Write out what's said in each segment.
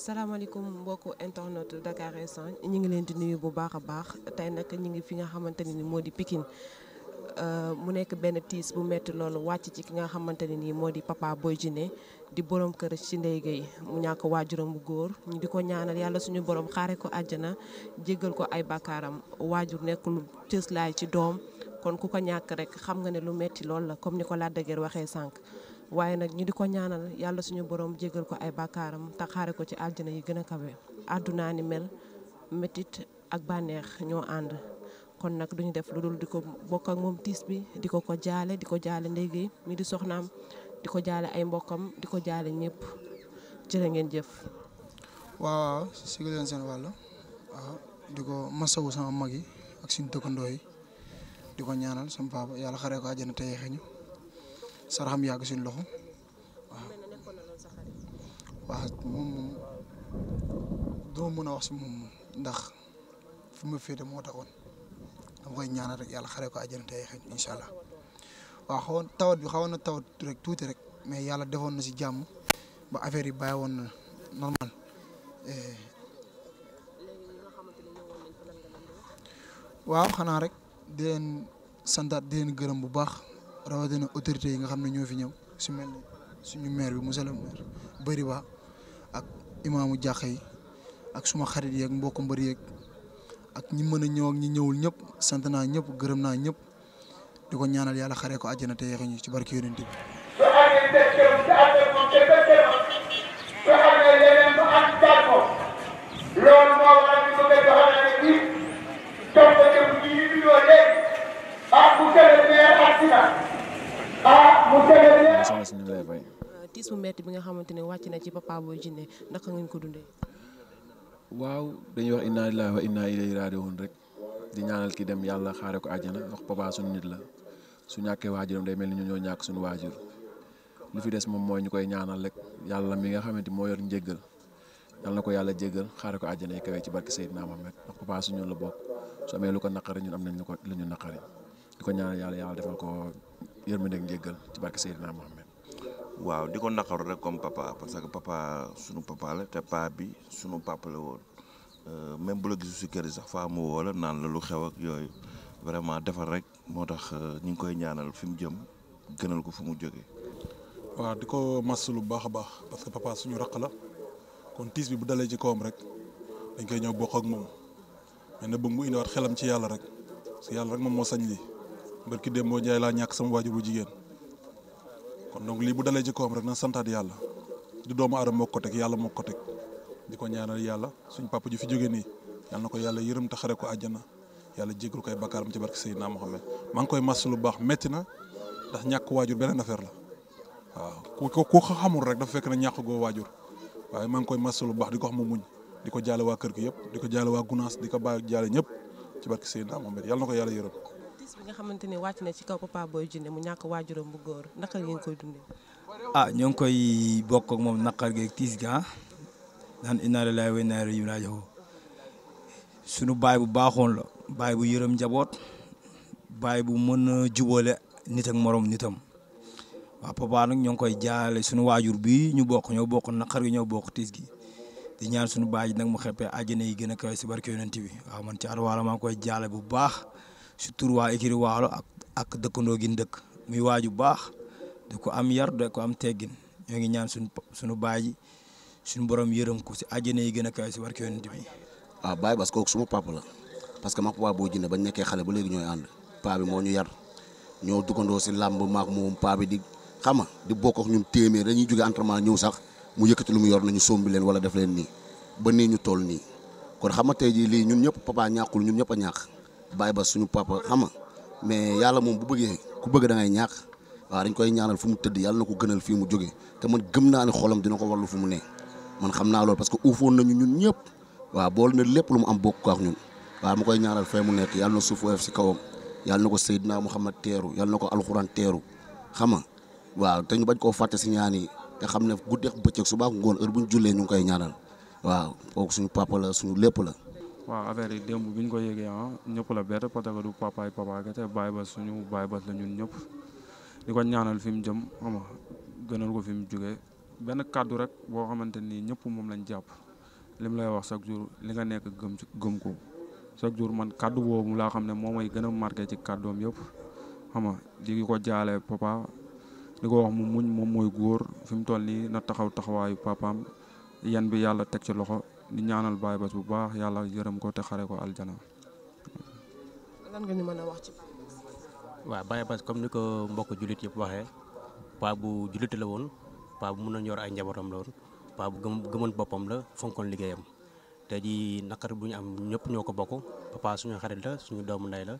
salaamaaleykum mbokku internet Dakar Instant ñu ngi leen di nuyu bu baax a baax tey nag ñu ngi fi nga xamante ne ni moo di Pikine euh, mu nekk benn tiis bu metti loolu wàcc ci ki nga xamante ne nii moo di Papa Boy Djiné di borom kër Ndeye Gueye mu ñàkk waajuram bu góor ñu di ko ñaanal yàlla suñu borom xaare ko àjjana jéggal ko ay bakkaaram waajur nekk lu cëslaay ci doom kon ku ko ñàkk rek xam nga ne lu metti loolu la comme ni ko Lac de waxee sànq. waaye nag ñu di ko ñaanal yàlla suñu borom jégal ko ay bakaram te ko ci àjjana yi gën a kawe àddunaa ni mel métit ak bànneex ñoo ànd kon nag duñu def lu dul di ko bokk ak moom tiis bi di ko ko jaale di ko jaale ndéegi mi di soxnaam di ko jaale ay mbokkam di ko jaale ñëpp jërë ngeen jëf waaw waaw sigi sen seen wàll di ko sama mag ak suñu dëkkandoo yi di ñaanal sama papa yàlla xaree ko àjjana te yeexeñu saraxam yàgg suñu loxo waaw waaw moom moom doo mën a wax si moom ndax fu ma féete moo taxoon dama koy ñaanal rek yàlla xare ko àjjana tey xëy allah waaw xawoon tawat bi xawoon na tawat tuuti rek mais yàlla defoon na si jàmm ba affaire yi bàyyi woon na normal eh. waaw xanaa rek di leen santaat di leen gërëm bu baax rawatina autorités yi nga xam ne ñoo fi ñëw si mel ne suñu maire bi monsieur le maire bëri ba ak imaamu jàq ak suma xarit yeeg mbokku mbari yeeg ak ñi mën a ñëw ak ñi ñëwul ñëpp sant naa ñëpp gërëm naa ñëpp di ko ñaanal yàlla xaree ko àjjana te yeexuñu ci barki yonent bi. loolu moo waral ñu bëgg a joxal Dias ñu ngi lay fay. Euh, tiis bu metti bi nga xamante ne wàcc na ci Papa Boy Djiné naka ngeen ko dundee. waaw dañuy wax inna lillahi wa yi ilayhi raji'un rek di ñaanal ki dem yàlla xaare ko àjjana wax papa suñu nit la su ñàkkee waajuram day mel ni ñu ñoo ñàkk suñu waajur lu fi des moom mooy ñu koy ñaanal rek yàlla mi nga xamante moo yor njéggal yàlla na ko yàlla jéggal xaare ko àjjana yi kawee ci barki Seydina Mohamed ndax papa suñu la bokk su amee lu ko naqari ñun am nañ ñu ko lu ñu naqari di ko ñaan yàlla yàlla defal ko yërmande ak njéggal ci barki Seydina Mohamed Wow, di ko naqaru rek comme papa parce que papa sunu papa la te pa bi sunu papa la woon eh, même bu la gisu si kër sax faa mu woo naan la lu xew ak yooyu vraiment rek moo tax eh, ñu ngi koy ñaanal fi mu jëm gënal ko fu mu jógee waaw di ko masalu baax a baax parce papa suñu raq la kon tiis bi bu dalee ci rek dañ koy ñëw bokk ak moom mais na bëgg mu indiwaat xelam ci rek parce que rek moom moo sañ lii barki démb boo njaay laa ñàkk sama waajur bu kon donc lii bu dalee ci kawam rek na doomu ko teg yàlla moo ko teg di ko ñaanal yàlla suñ papa ji fi jógee nii yàlla na ko yàlla yërëm te xare ko àjjana yàlla jéggal koy bakkaaram ci barke Seydina Mohamed maa ngi koy mas lu baax métti na ndax ñàkk wajur beneen affaire la waaw ku ko xamul rek dafa fekk na ñàkk goo waajur waaye maa ngi koy mas lu baax di ko xam mu muñ di ko jaale kër gi yëpp di ko jaale ñëpp ci barke tiis bi nga xamante ne wàcc na ci kaw Papa Boy Djiné mu ñàkk waajuram bu góor naka ngeen koy dundee. ah ñoo ngi koy bokk ak moom naqar geeg tiis gi ah naan inna lillahi wa inna ilayhi sunu baay bu baaxoon la baay bu yërëm njaboot baay bu mën a jubóole moroom nitam waaw papa nag ñoo ngi koy jaale sunu waajur bi ñu bokk ñoo bokk naqar gi ñoo bokk tiis gi di ñaan sunu baay ji nag mu xeppee àjjana yi gën a kawe si barke yonent bi waaw man ci alwaala maa ngi koy jaale bu baax Situ tour wa ikiri walo ak ak dëkkandoo gi bah muy waju bax de ko am yar de ko am teggin ñi ngi ñaan suñu suñu baaji suñu borom yërëm ko ci àjjana yi gëna a kawe barke yonent bi ah baay bas kooku suñu papa la parce que mak papa bo jinne bañ nekké xalé ba léegi ñoy and pa bi mo ñu yar ñoo ci lamb maak moom pa bi di xama di bokk ak ñun témé dañuy juggé entraînement ñew sax mu yëkëti lu mu yor nañu sombi leen wala def leen ni ba ni ñu toll ni kon xama tay ji li ñun ñëpp papa ñaakul ñun ñëpp a bàyyi ba suñu papa xam mais yàlla moom bu bëggee ku bëgg da ngay ñàkk waaw dañ koy ñaanal fu mu tëdd yàlla na ko gënal fii mu jóge te man gëm naa ne xolam dina ko warlu fu mu ne man xam naa loolu parce que uufoon nañu ñun ñëpp waaw bool na lépp lu mu am bokk ak ñun waaw ma koy ñaanal fee mu nekk yàlla na suuf woyof si kawam yàlla na ko Seydina Muhammad teeru yàlla na ko alxuraan teeru xam nga waaw te bañ koo fàtte si ñaan yi te xam ne guddeex bëccëg suba ak ngoon heure bu ñu jullee ñu ngi koy ñaanal waaw kooku suñu papa la suñu lépp la waaw affaire yi démb bi ñu ko yëgee ah ñëpp la bett parce que du papa yi papa kese Baye Bass suñu Baye Bass la ñëpp di ko ñaanal fi mu jëm xam gënal ko fi mu jógee benn kàddu rek boo xamante ni ñëpp moom lañ jàpp lim lay wax chaque jour li nga nekk gëm ci gëm ko chaque jour man kàddu boobu laa xam ne moom mooy gën a marqué ci kàddoom yëpp xam nga di ko jaale papa di ko wax mu muñ moom mooy góor fi mu toll nii na taxaw taxawaayu papaam yan bi yàlla teg ci loxo. di ñaanal Baye Bass bu baax yàlla yërëm ko te xare ko aljana. lan nga ñu comme ni ko mbokk jullit yëpp waxee paa bu jullit la woon paa bu mënoon yor ay njabootam la woon paa bu gëm gëmoon boppam la fonkoon liggéeyam te ji naqar bu ñu am ñëpp ñoo ko bokk papa suñu xarit la suñu doomu nday la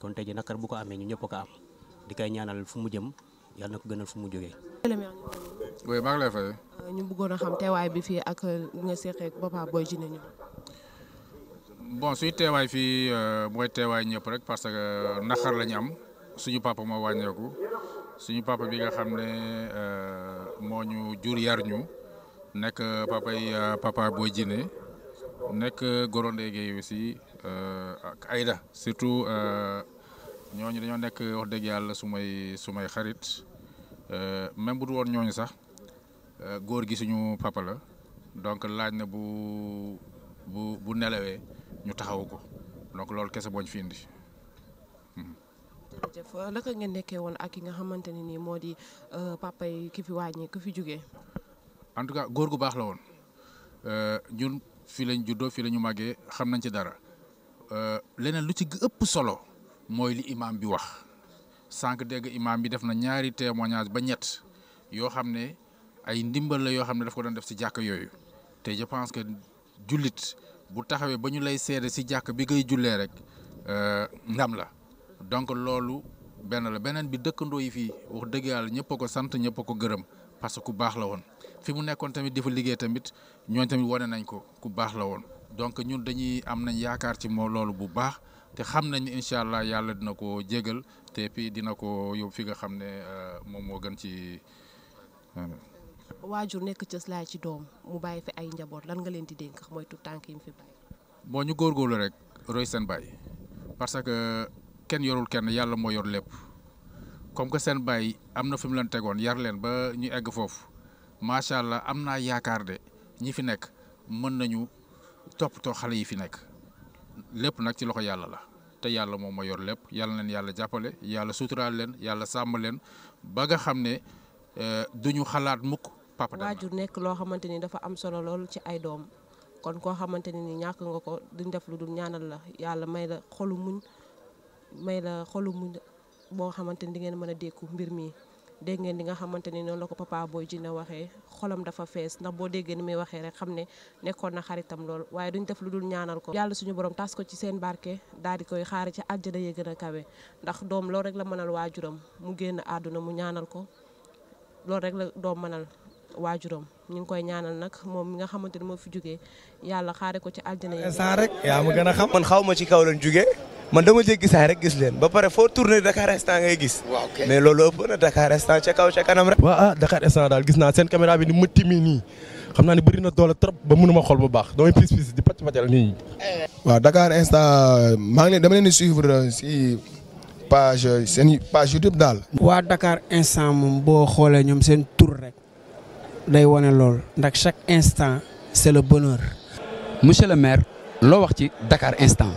kon te ji naqar bu ko amee ñu ñëpp ko am di kay ñaanal fu mu jëm. yàlla na ko gënal fu mu jógee. oui maa ngi lay euh, ñu bëggoon a xam teewaay bi fii ak euh, nga seqee Papa booy Djiné ñu. bon suy teewaay fii euh, mooy teewaay ñëpp rek parce que naxar lañu am suñu papa moo wàññeeku suñu papa bi nga xam ne moo ñu jur yar ñu nekk papay Papa Boy Djiné nekk Goronde Gueye aussi ak Aïda surtout. ñooñu dañoo nekk wax dëgg yàlla sumay sumay xarit euh, même bu dul woon ñooñu sax euh, góor gi suñu papa la donc laaj na bu bu bu nelawee ñu taxaw ko donc loolu kese boñ fi indi hmm. jërëjëf naka ngeen nekkee woon ak ki nga xamante ni nii moo di euh, papa yi ki fi wàññi ki fi jógee en tout cas góor gu baax la woon ñun fi lañ juddoo fi lañu màggee xam nañ ci dara leneen lu ci ëpp solo mooy li imaam bi wax sànq dégg imaam bi def na ñaari témoignage ba ñett yoo xam ne ay ndimbal la yoo xam ne daf ko doon def si jàkk yooyu te je pense que jullit bu taxawee ba ñu lay seede si jàkk bi ngay jullee rek euh, ndam la donc loolu benn la beneen bi dëkkandoo yi fii wax dëgg yàlla ñëpp ko sant ñëpp ko gërëm parce que ku baax la woon fi mu nekkoon tamit di fa liggéey tamit ñooñ tamit wone nañ ko ku baax la woon donc ñun dañuy am nañ yaakaar ci moo loolu bu baax te xam nañ incha allah yàlla dina ko jégal te puis dina ko yóbbu fi nga xam ne euh, moom moo gën ci. waajur nekk cëslaay ci doom mu bàyyi fi ay njaboot lan nga leen di dénk mooy tout tànk yi mu fi bàyyi. bon ñu góorgóorlu rek roy seen baay parce que kenn yorul kenn yàlla moo yor lépp comme que seen baay am na fi mu leen tegoon yar leen ba ñu egg foofu macha allah am naa yaakaar de ñi fi nekk mën nañu toppatoo xale yi fi nekk. lépp nag ci loxo yàlla la te yàlla moom moo yor lépp yàlla leen yàlla jàppale yàlla suturaal leen yàlla sàmm leen ba nga xam ne eh, duñu xalaat mukk papa waajur nekk loo xamante ni dafa am solo lool ci ay doom kon koo xamante ne ni ñàkk nga ko duñ def lu dul ñaanal la yàlla may la xolu muñ may la xolu muñ boo xamante ni di ngeen mën a dékku mbir mi dégg ngeen di nga xamante ni noonu la ko papa booy jinne waxee xolam dafa fees ndax boo déggee ni muy waxee rek xam ne nekkoon na xaritam lool waaye duñ def lu dul ñaanal ko yàlla suñu borom tas ko ci seen barke daal di koy xaare ci àjjana ya gën a kawe ndax doom loolu rek la mënal waajuram mu génn àdduna mu ñaanal ko loolu rek la doom mënal waajuram ñu ngi koy ñaanal nag moom mi nga xamante ni moo fi jógee yàlla xaare ko ci àjjana ya. instant rek yaa ma gën a xam. man xaw ma ci kaw lañ jógee. man dama jég gisaay rek gisleen ba pare foo tourné Dakar instant ngay gis. mais loolu ëpp na Dakar instant ca kaw ca ah, gis naa seen caméra bi ni mu timmi xam naa ne bëri na doole trop ba mënuma xool bu baax damay pis pis di pàcc pàccal nit dama leen di suivre si page seen page YouTube daal. waa Dakar instant moom boo xoolee ñoom seen tur rek wane lool ndax chaque instant c'est le bonheur. monsieur le maire loo wax ci Dakar instant.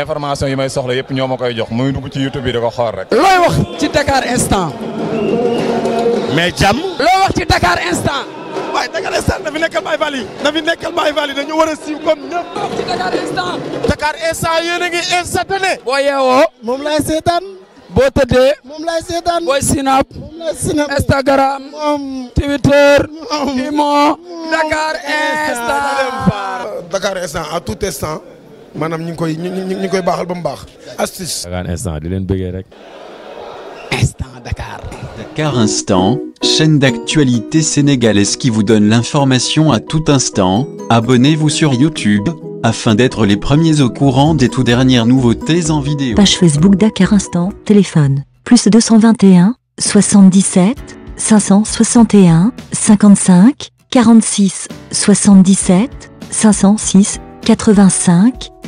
information yi may soxla yëpp ñoo ma koy jox muy dugg ci YouTube bi da ko xool rek. looy wax ci Dakar instant. mais jàmm. loo wax ci Dakar instant. Dakar instant na fi instant. Dakar boo yeewoo moom laay seetaan. boo tëddee. moom laay seetaan. Instagram. Twitter. moom Imo. Dakar instant. Dakar instant à tout manam koy koy Dakar instant chaîne d'actualité sénégalaise qui vous donne l'information à tout instant. Abonnez-vous sur YouTube afin d'être les premiers au courant des toutes dernières nouveautés en vidéo. Page Facebook Dakar Instant, téléphone, plus 221, 77, 561, 55, 46, 77, 506, 85,